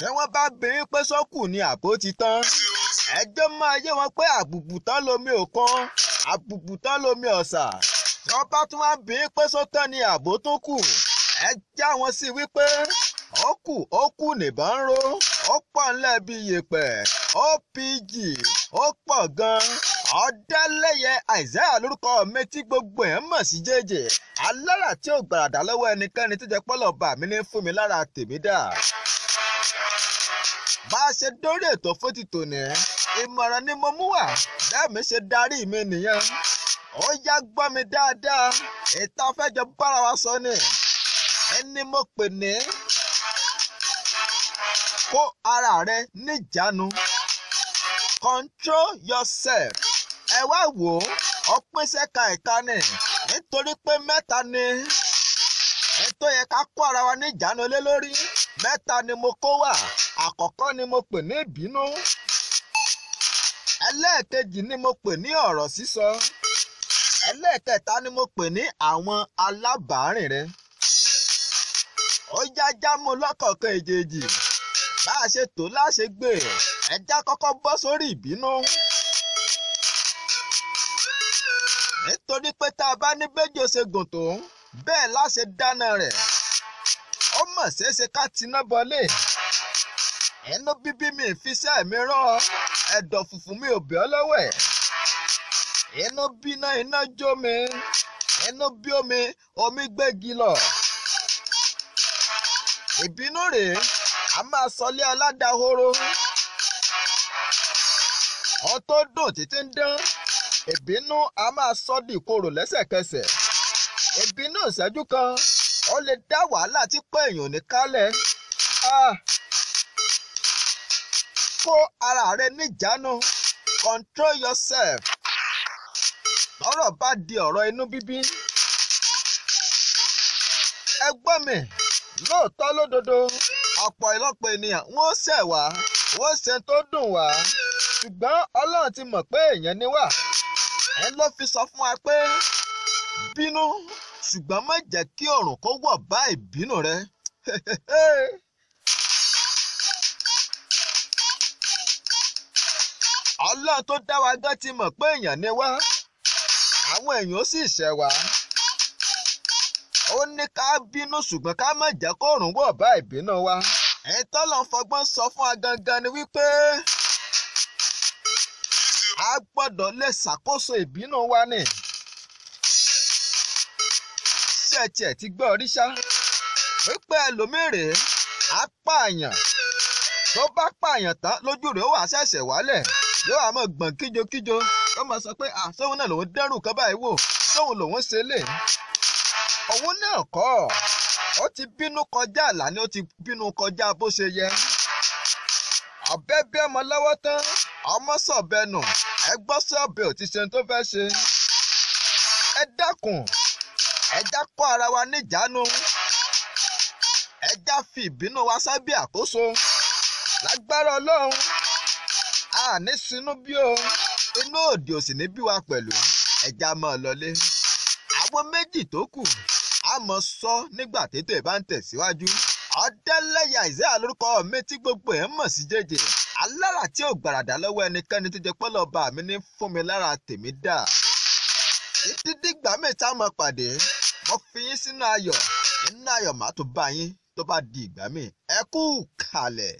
ṣé wọ́n bá bìnrin pé sọ́kù ni àbó ti tán ẹjọ́ máa yé wọn pé àbùbù tán lomi òkan àbùbù tán lomi ọ̀sà tí wọ́n bá tún wá bìnrin pé sótán ni àbó tó kù ẹ já wọn sí wípé ó kù ó kù nìbọn ń ro ó pọ̀ ńlẹ̀ bí yèpẹ̀ opg ó pọ̀ gan-an ọ̀dẹ́lẹ́yẹ àìsàn lórúkọ mi tí gbogbo ẹ̀ mọ̀ sí jẹ́jẹ́ alára tí ò gbàràdà lọ́wọ́ ẹnikẹ́ni tó jẹ́ pọ́lọ̀ bá ní fún mi lára tèmi dà bá a ṣe dórí ètò fún ti tòní ìmọ̀ràn ni mo mú wá bẹ́ẹ̀mí ṣe darí mi nìyẹn ó yá gbọ́ mi dáadáa ìta fẹ́jọ bára wa sọ ni ẹni mo pè ní kó ara rẹ níjánu control yourself ẹ wá wò ó ọpín sẹ́ka ẹ̀ka ni nítorí pé mẹ́ta ni ètò yẹ ká kó ara wa níjánu lé lórí mẹ́ta ni mo kó wá àkọ́kọ́ ni mo pè ní ìbínú ẹlẹ́ẹ̀kejì ni mo pè ní ọ̀rọ̀ sísọ ẹlẹ́ẹ̀kẹta ni mo pè ní àwọn alábàárìn rẹ ó jájá mo lọ́kọ̀ọ̀kan èjèèjì bá a ṣe tó láṣẹ gbé ẹjá kọ́kọ́ bọ́ sórí ìbínú. nítorí pé tá a bá ní bẹ́jọ́ ṣe gùn tó bẹ́ẹ̀ láṣẹ dáná rẹ̀ mà ṣeé ṣe ká tiná bọlé ẹnu bíbí mi ìfiṣẹ́ mi rán ẹ̀dọ̀ funfun mi ò bẹ́ ọ lọ́wẹ̀ inú bíná iná jó mi inú bí omi omi gbégi lọ ìbínú rèé a máa sọlé aládàhoro ọ tó dùn títí ń dán ìbínú a máa sọ di lẹ́sẹ̀kẹsẹ̀ ìbínú ìṣẹ́jú kan ó lè dá wàhálà tí pọ̀ èèyàn ní kálẹ̀ kó ara rẹ níjánu control yourself ọ̀rọ̀ bá di ọ̀rọ̀ inú bíbí ẹgbọ́n mi lóòótọ́ lódodo ọ̀pọ̀ ìlọ́pọ̀ ènìyàn wọ́n ṣẹ̀ wá wọ́n ṣe tó dùn wá ṣùgbọ́n ọlọ́run ti mọ̀ pé èèyàn níwà ẹ̀ ló fi sọ fún wa pé bínú ṣùgbọ́n má jẹ́ kí ọ̀rùn kó wọ̀ bá ìbínú rẹ. ọlọ́run tó dá wa gán ti mọ̀ pé èèyàn ni wá àwọn èèyàn sì ṣẹ̀ wá ó ní ká bínú ṣùgbọ́n ká má jẹ́ kó ọ̀rùn wọ̀ bá ìbínú wa ẹ̀yin tọ́lọ̀ ń fọgbọ́n sọ fún wa gangan ni wípé a gbọ́dọ̀ lè ṣàkóso ìbínú wa ni tí ẹ tiẹ̀ ti gbọ́ rí wípé ẹlòmíràn á pààyàn tó bá pààyàn tán lójú rẹ̀ ó wà ṣẹ̀ṣẹ̀ wálẹ̀ yóò wá gbọ̀n kíjokíjo ó máa sọ pé àsóhun náà lòún dẹ́rù kan báyìí wò sóhun lòún ṣe lè òun náà kọ́ ó ti bínú kọjá àlá ni ó ti bínú kọjá bó ṣe yẹ ọ̀bẹ bí ọmọ lọ́wọ́ tán ọmọ sọ̀bẹ nù ẹgbọ́n sọ̀bẹ ò ti ṣe ohun tó fẹ́ ṣe ẹ dákun ẹjá kó ara wa níjàánu ẹjá fi ìbínú wa sábẹ́ àkóso lágbára ọlọ́run àní sinú bí o inú òdì òsì ní bí wa pẹ̀lú ẹjá máa lọlé àwọn méjì tó kù a mọ̀ sọ nígbà tètè bá ń tẹ̀síwájú ọ̀dẹ́lẹ́yà Isaiah lórúkọ mi tí gbogbo ẹ̀ mọ̀ sí jẹjẹ alára tí ò gbàràdà lọ́wọ́ ẹnikẹ́ni tó jẹ pọ́lọ́ bá mi ní fún mi lára tèmi dà títí dìgbà mi tá a mọ̀ pàdé ó fi yín sínú ayọ̀ nínú ayọ̀ màá tó bá yín tó bá di ìgbà míì ẹ kú kalẹ̀.